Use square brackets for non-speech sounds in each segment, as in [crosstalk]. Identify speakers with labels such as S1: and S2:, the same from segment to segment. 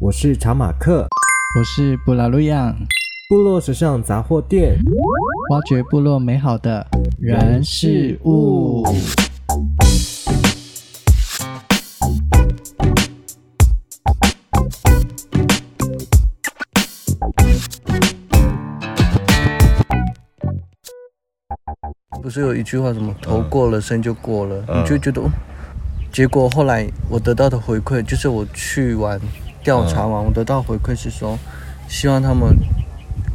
S1: 我是查馬克，我是布拉路漾，部落時尚雜貨店，挖掘部落美好的人事物。 [noise] 不是有一句話，什麼頭過了、嗯、身就過了，嗯、你就覺得，嗯、結果後來我得到的回饋就是我去玩。調查完，我得到回饋是說，希望他們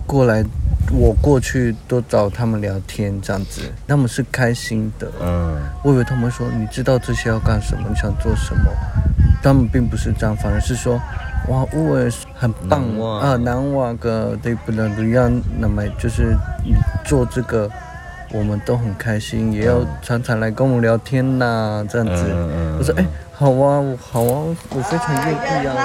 S1: 過來，我過去都找他們聊天這樣子，他們是開心的。嗯、我以為他們會說，你知道這些要幹什麼，你想做什麼，他們並不是這樣，反而是說，哇，ui 很棒瓦啊，nanguaq 對 puljaljuyan 那麼就是你做這個。我們都很開心，也要常常來跟我們聊天吶、啊，這樣子。嗯、我說，哎，好啊，好啊，我非常願
S2: 意啊。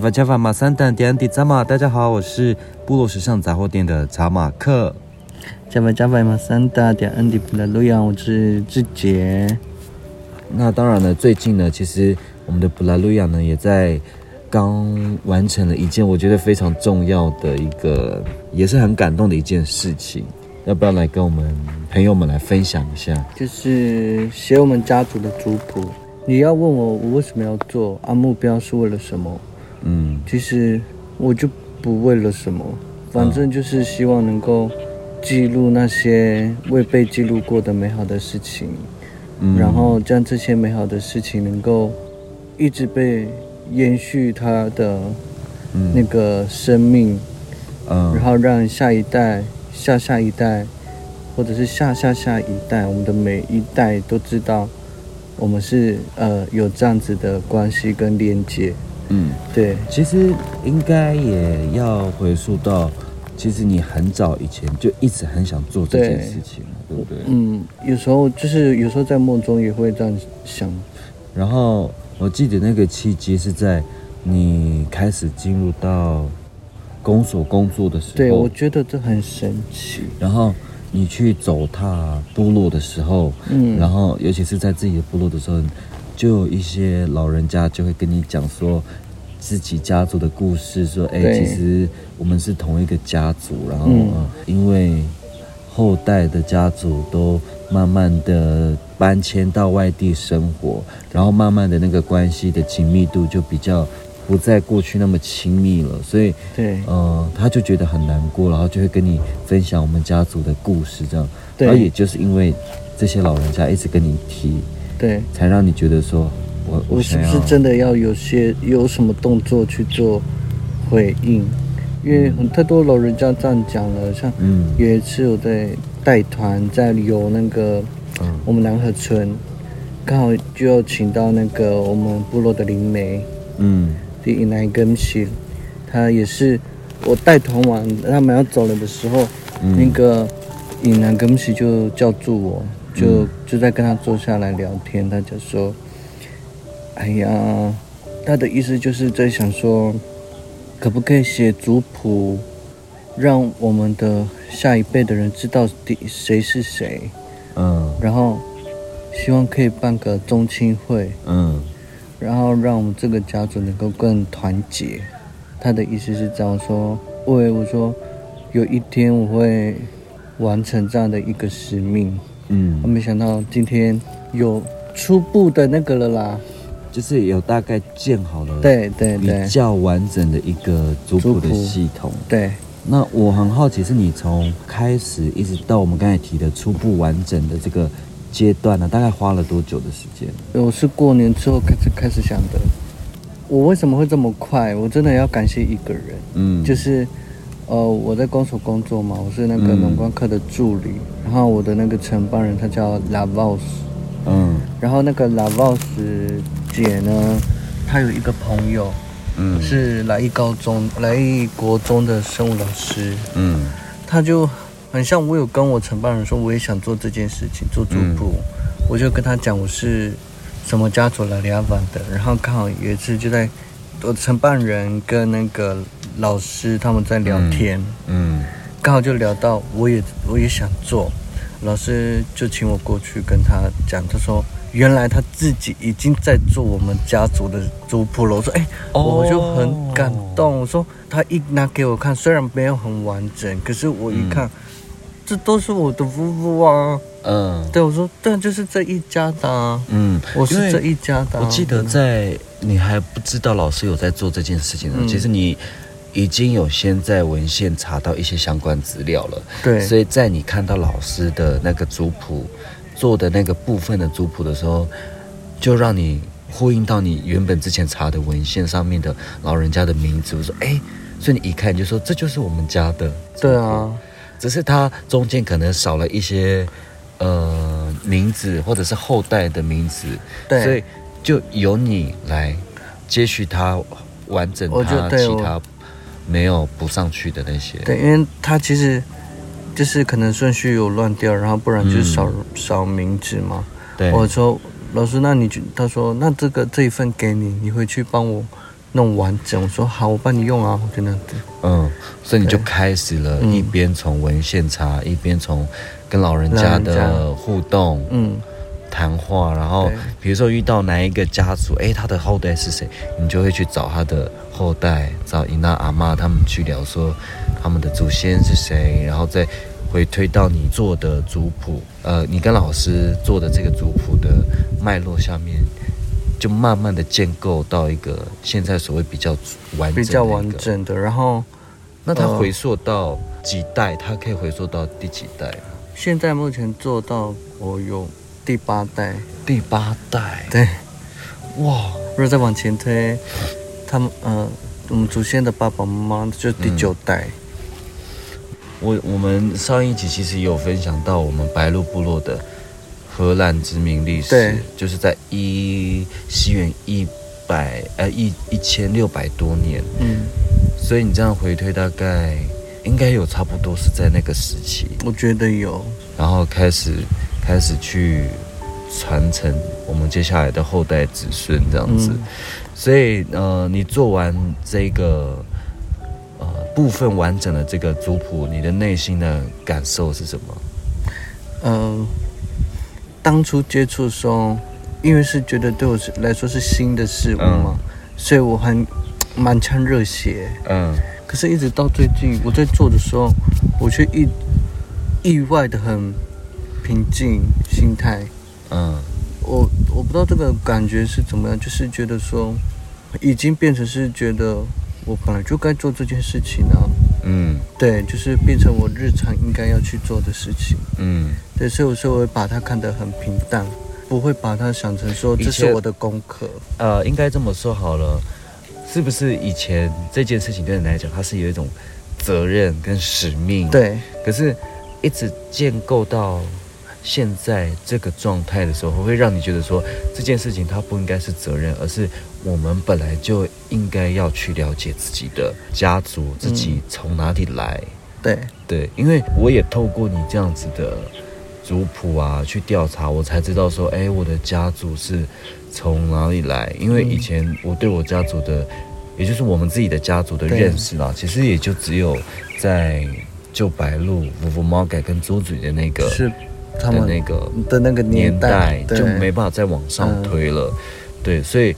S2: 法加法馬桑達迪安迪查馬，大家好，我是部落時尚雜貨店的查馬克。法加法馬桑達迪安迪布拉路漾，我是志杰。那當然了，最近呢，其實我們的布拉路漾呢，也在剛完成了一件我覺得非常重要的一個，也是很感動的一件事情。要不要來跟我們朋友們來分享一下？
S1: 就是寫我們家族的族譜。你要問我我為什麼要做，啊，目標是為了什麼？嗯，其實我就不為了什麼，反正就是希望能夠記錄那些未被記錄過的美好的事情，嗯，然後將這些美好的事情能夠一直被延續他的那個生命，嗯，然後讓下一代、下下一代，或者是下下下一代，我們的每一代都知道，
S2: 我們是呃有這樣子的關係跟連接。嗯，對，其實應該也要回溯到，其實你很早以前就一直很想做這件事情，
S1: 對，對不對？嗯，有時候就是有時候在夢中也會
S2: 這樣想。然後我記得那個契機是在你開始進入到公所工作的時候。對，我覺得這很神奇。然後你去走踏部落的時候，嗯，然後尤其是在自己的部落的時候。就有一些老人家就會跟你講說，自己家族的故事，說，誒對、欸，其實我們是同一個家族，然後，嗯、呃，因為後代的家族都慢慢的搬遷到外地生活，然後慢慢的那個關係的緊密度就比較不再過去那麼親密了，所以，對，嗯、呃，他就覺得很難過，然後就會跟你分享我們家族的故事，這樣，而對也就是因為這些老人家一直跟你提。對，才讓你覺得說我，我我是不是真
S1: 的要有些有什麼動作去做回應？嗯、因為很多老人家這樣講了，像有一次我在帶團在遊那個我們南河村，嗯、剛好就要請到那個我們部落的靈媒，嗯，的引南根喜，他也是我帶團完他們要走了的時候，嗯、那個引南根喜就叫住我。就、嗯、就在跟他坐下來聊天，他就說：“哎呀，他的意思就是在想說，可不可以寫族譜，讓我們的下一輩的人知道誰是誰，
S2: 嗯，
S1: 然後希望可以辦個宗親會，嗯，然後讓我們這個家族能夠更團結。他的意思是這樣說，喂，我說，我我說有一天我會完成這樣的一個使命。”嗯，我沒想到今天有
S2: 初步的那個了啦，就是有大概建好了，對對對，比較完整的一個族譜的系統。對，那我很好奇，是你從開始一直到我們剛才提的初步完整的這個階段呢，啊，大概花了多久的時間？
S1: 我是過年之後開始開始想的，我為什麼會這麼快？我真的要感謝一個人，嗯，就是。哦，oh, 我在公所工作嘛，我是那個農光課的助理。嗯、然後我的那個承辦人他叫拉沃斯，
S2: 嗯，
S1: 然後那個拉沃斯姐呢，她有一個朋友，嗯，是來義高中、來義國中的生物老師，
S2: 嗯，
S1: 他就很像我有跟我承辦人說，我也想做這件事情，做族譜，嗯、我就跟他講我是什麼家族來老闆的，然後剛好有一次就在我承辦人跟那個。老師他們在聊天，嗯，
S2: 剛、
S1: 嗯、好就聊到我也我也想做，老師就請我過去跟他講，他說原來他自己已經在做我們家族的族譜了。我說哎、欸，我就很感動。哦、我說他一拿給我看，雖然沒有很完整，可是我一看，嗯、這都是我的 vuvu 啊。嗯，對，我說但就是這一家的。嗯，
S2: 我是這一家的。我記得在你還不知道老師有在做這件事情呢，嗯、其實你。已經有先在文獻查到一些相關資料了，對，所以在你看到老師的那個族譜做的那個部分的族譜的時候，就讓你呼應到你原本之前查的文獻上面的老人家的名字。我說，哎，所以你一看你就說，這就是我們家的。對啊，只是它中間可能少了一些呃名字或者是後代的名字，對，所以就由你來接續他完整他、哦、其他。沒有補上去的那些，對，因
S1: 為他其實就是可能順序有亂掉，然後不然就少少、嗯、名字嘛。
S2: 對，我
S1: 說老師，那你就他說，那這個這一份給你，你回去幫我弄完整。我說好，我幫你用啊，我就那樣子。
S2: 嗯，所以你就開始了對一邊從文獻查，嗯、一邊從跟老人家的互動，嗯。談話，然後對比如說遇到哪一個家族，誒、欸，他的後代是誰，你就會去找他的後代，找伊娜、阿媽他們去聊，說他們的祖先是誰，然後再回推到你做的族譜，呃，你跟老師做的這個族譜的脈絡下面，就慢慢的建構到一個現在所謂比較完整、比較完整的。
S1: 然後，那他回
S2: 溯到幾代，呃、他可以回溯到
S1: 第幾代？現在目前做到我有。第八代，第八代，對，哇！如果再往前推，他們嗯、呃，
S2: 我們祖先的爸爸媽媽就第九代。嗯、我我們上一集其實有分享到我們白鹿部落的荷蘭殖民歷史，對，就是在一西元一百呃一一千六百多年。嗯，所以你這樣回推，大概應該有差不多是在那個時期。我覺得有。然後開始。開始去傳承我們接下來的後代子孫這樣子，嗯、所以呃，你做完這個呃部分完整的這個族譜，你的內心的感受是什麼？嗯、呃，當初接觸的時候，
S1: 因為是覺得對我來說是新的事物嘛，嗯、所以我很滿腔熱血。嗯，可是一直到最近我在做的時候，我卻意意外的很。平靜心態，嗯，我我不知道這個感覺是怎麼樣，就是覺得說，已經變成是覺得我本來就該做這件事情了啊，嗯，對，就是變成我日常應該要去做的事情，嗯，對，所以我說我會把它看得很平淡，不會把它想
S2: 成說，這是我的功課。呃，應該這麼說好了，是不是以前這件事情對你來講，它是有一種責任跟使命？對，可是一直建構到現在這個狀態的時候，會讓你覺得說這件事情它不應該是責任，而是我們本來就應該要去了解自己的家族，嗯、自己從哪裡來。對對，因為我也透過你這樣子的族譜啊去調查，我才知道說，哎，我的家族是從哪裡來。因為以前我對我家族的，也就是我們自己的家族的認識啦，對其實也就只有在舊白鹿、vuvu 貓改跟豬嘴的那個是。的那個的那個年代就沒辦法再往上推了，嗯、對，所以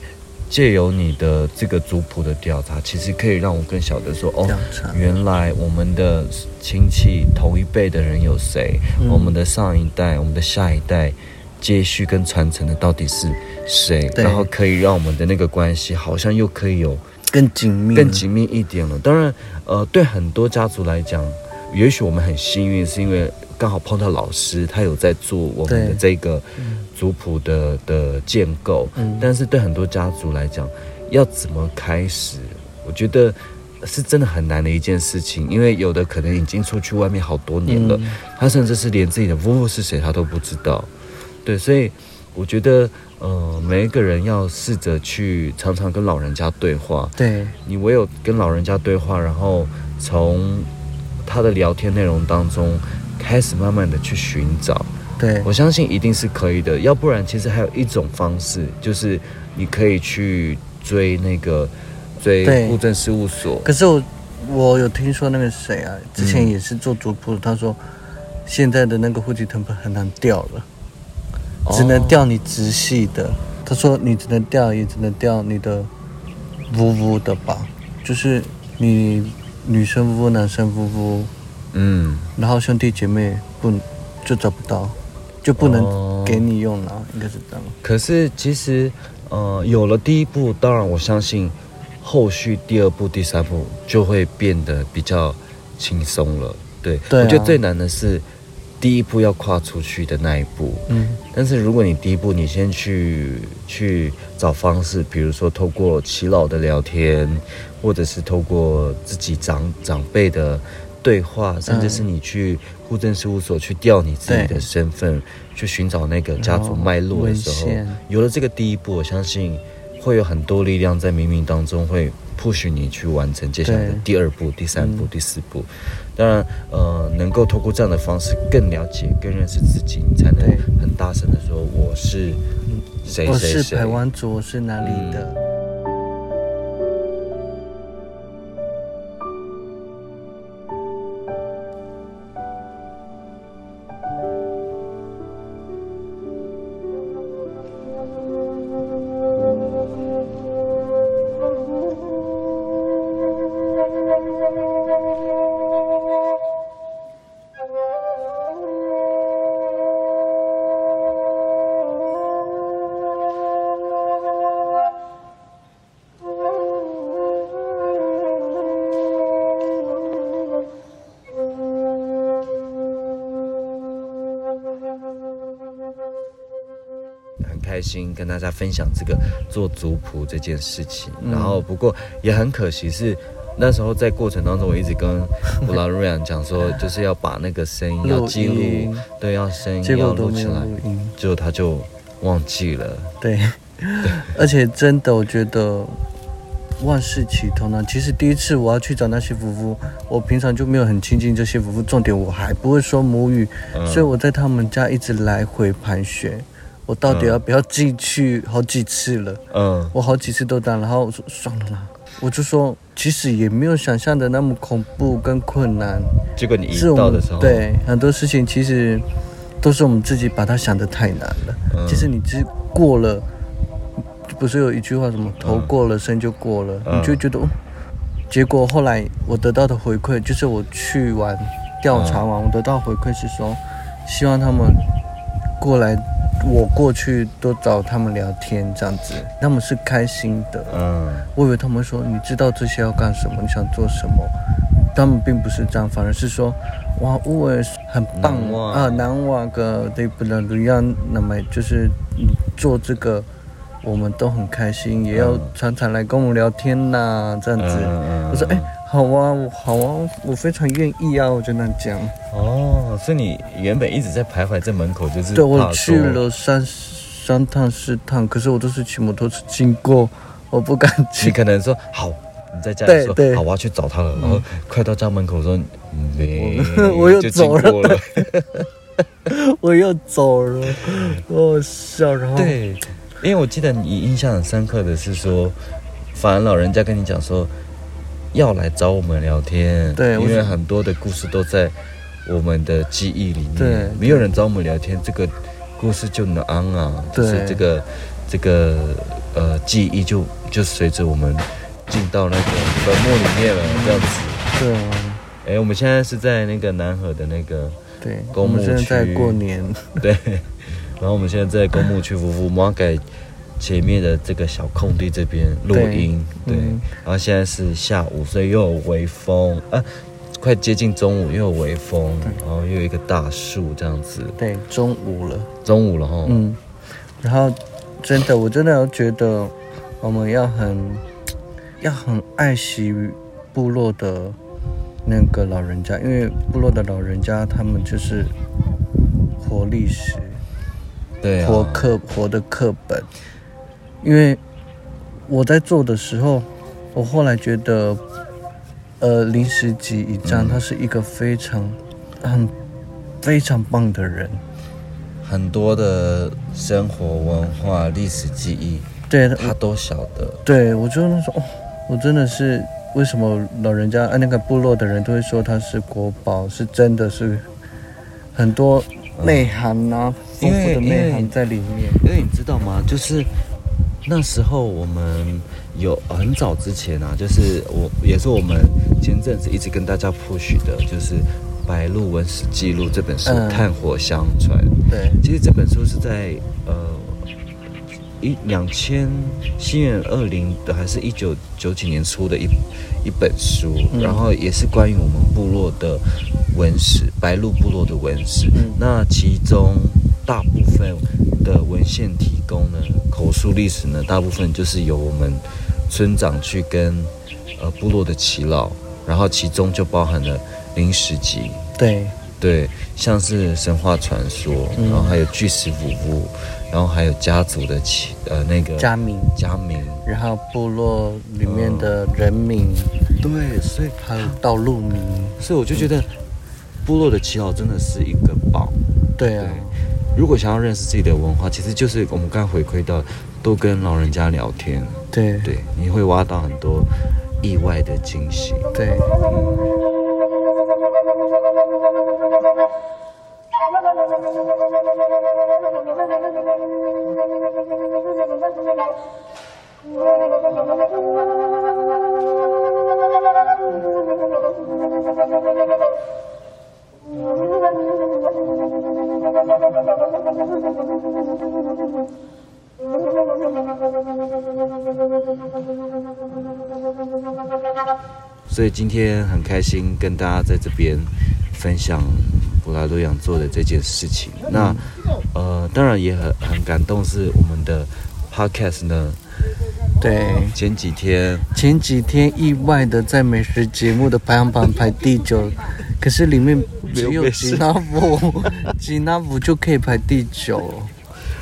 S2: 借由你的這個族譜的調查，其實可以讓我更曉得說，查哦，原來我們的親戚同一輩的人有誰，嗯、我們的上一代、我們的下一代接續跟傳承的到底是誰，對然後可以讓我們的那個關係好像又可以有更緊密、更緊密一點了。當然，呃，對很多家族來講，也許我們很幸運，是因為。剛好碰到老師，他有在做我們的這個族譜的對、嗯、的建構。但是對很多家族來講，嗯、要怎麼開始，我覺得是真的很難的一件事情。嗯、因為有的可能已經出去外面好多年了，嗯、他甚至是連自己的祖父是誰，他都不知道。對，所以我覺得，呃，每一個人要試着去常常跟老人家對話。對，你唯有跟老人家對話，然後從他的聊天內容當中。嗯開始慢慢的去尋找，對，我相信一定是可以的，要不然其實還有一種方式，就是你可以去追那個追物證事務所。可
S1: 是我我有聽說那個誰啊，之前也是做族譜，嗯、他說現在的那個戶籍謄本很難調了，哦、只能調你直系的，他說你只能調，也只能調你的 vuvu 的吧，就是你女生 vuvu，男生 vuvu。嗯，然後兄弟姐
S2: 妹不就找不到，
S1: 就不能給你用了，嗯、應該是這樣。
S2: 可是其實，呃，有了第一步，當然我相信，後續第二步、第三步就會變得比較輕鬆了。對，對啊、我覺得最難的是第一步要跨出去的那一步。嗯，但是如果你第一步你先去去找方式，比如說透過耆老的聊天，或者是透過自己長長輩的。對話，甚至是你去戶政事務所、呃、去調你自己的身份，對去尋找那個家族脈絡的時候，哦、有了這個第一步，我相信會有很多力量在冥冥當中會迫使你去完成接下來的第二步、對第三步、嗯、第四步。當然，呃，能夠通過這樣的方式更了解、更認識自己，你才能很大聲的說我是誰誰誰，我是排
S1: 灣族，我是哪裡的。嗯
S2: 很開心跟大家分享這個做族譜這件事情，嗯、然後不過也很可惜是那時候在過程當中，我一直跟布拉路漾講說，就是要把那個聲音要記錄，錄 [noise] 對，要聲音要錄起來，結果他就忘記了。
S1: 對，對，而且真的我覺得萬事起頭難。其實第一次我要去找那些 vuvu，我平常就沒有很親近這些 vuvu，重點我還不會說母語，嗯、所以我在他們家一直來回盤旋。我到底要不要進去？好幾次了，嗯，我好幾次都當，然後我說算了啦，我就說其實也沒有想象的那麼恐怖跟困難。
S2: 這個你遇到的時候，是對
S1: 很多事情其實都是我們自己把它想得太難了。嗯、其實你就過了，不是有一句話什麼“頭過了身就過了”，嗯、你就覺得。嗯、結果後來我得到的回饋就是，我去完調查完，嗯、我得到回饋是說，希望他們過來。我過去都找他們聊天，這樣子，他們是開心的。嗯、我以為他們會說，你知道這些要幹什麼，你想做什麼？他們並不是這樣，反而是說，哇，我也是很棒。瓦啊，nanguaq、嗯、ti puljaljuyan 了，這樣那麼就是，你做這個，我們都很開心，也要常常來跟我聊天吶，這樣子。嗯、我說，哎。好啊，好啊，我非常願意啊！我就那樣
S2: 講。哦，所以你原本一直在徘徊在門口，就是對，我去了
S1: 三三趟四
S2: 趟，可是我都是騎摩托車經過，我不敢去。你可能說好，你在家裡說對對好，啊，我要去找他了。然後快到家門口說，嗯欸，我，我又走了，了，我又走了，我好笑然後。對，因為我記得你印象很深刻的是說，反正老人家跟你講說。要來找我們聊天，對，因為很多的故事都在我們的記憶裡面。對，對，沒有人找我們聊天，這個故事就能安啊。對就是、這個，這個這個呃記憶就就隨着我們進到那個墳墓裡面了、嗯、這樣子。對啊。誒，我們現在是在那個南河的那個對公墓區。我們現在在過年。對，然後我們現在在公墓區 [laughs] 服務摸改。前面的這個小空地這邊錄音，落對，對嗯、然後現在是下午，所以又有微風，啊，快接近中午又有微風，對然後又有一個大樹這樣子，對，中午了，中午了哈，嗯，
S1: 然後真的，我真的覺得我們要很要很愛惜部落的那個老人家，因為部落的老人家他們就是活歷史，對、啊，活課，活的課本。因為我在做的時候，我後來覺得，呃，臨時級一站他是一個非常，很，非常棒
S2: 的人，很多的生活文化歷史記憶，對他都曉得。對，我就那時候、哦，我真的是為
S1: 什麼老人家那個部落的人都會說他是國寶，是真的是
S2: 很多內涵啊，嗯、豐富的內涵在裡面因因。因為你知道嗎？就是。那時候我們有很早之前啊，就是我，也是我們前陣子一直跟大家 push 的，就是《白鹿文史記錄》這本書《炭、嗯、火相傳》。對，其實這本書是在呃一兩千，二零二零的，還是一九九幾年出的一一本書，嗯、然後也是關於我們部落的文史，白鹿部落的文史。嗯、那其中。大部分的文獻提供呢，口述歷史呢，大部分就是由我們村長去跟呃部落的耆老，然後其中就包含了臨時集，對對，像是神話傳說，嗯、然後還有巨石服務，然後還有家族的起呃那個家名家名，
S1: 家名然後部落裡面的人名，嗯、
S2: 對，所以還有道路名，所以我就覺得部落的耆老真的是一個寶，對啊。對如果想要認識自己的文化，其實就是我們剛回饋到，多跟老人家聊天，對對，你會挖到很多意外的驚喜，對。嗯。所以今天很開心跟大家在這邊分享布拉路漾做的這件事情。那呃，當然也很很感動，是我們的 podcast 呢。對，前幾天，前幾天意外的
S1: 在美食節目的排行榜排第九， [laughs] 可是裡面有沒有沒 [laughs] 吉娜夫，吉娜夫就可以排第九，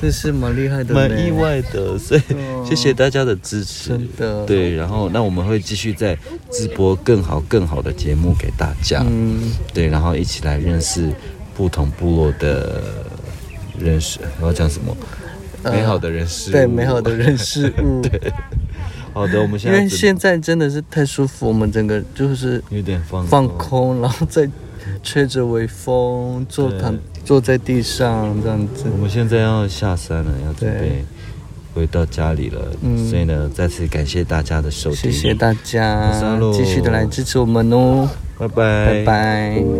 S1: 這是蠻厲害的，蠻意外
S2: 的，所以、嗯、謝謝大家的支持。的對，然後那我們會繼續在直播更好更好的節目給大家。嗯，對，然後一起來認識不同部落的認識，我要講什麼？美好的人事物，呃，對美好的人事物。 [laughs] 對。好的，我們現
S1: 在因為現在真的是太舒服，我們整個就是有點放放空，然後再吹着微風，坐躺
S2: 對坐在地上這樣子。我們現在要下山了，要準備回到家裡了。嗯，所以呢，再次感謝大家的收聽，謝謝大家，輪繼續的來支持我們哦，拜拜，拜拜。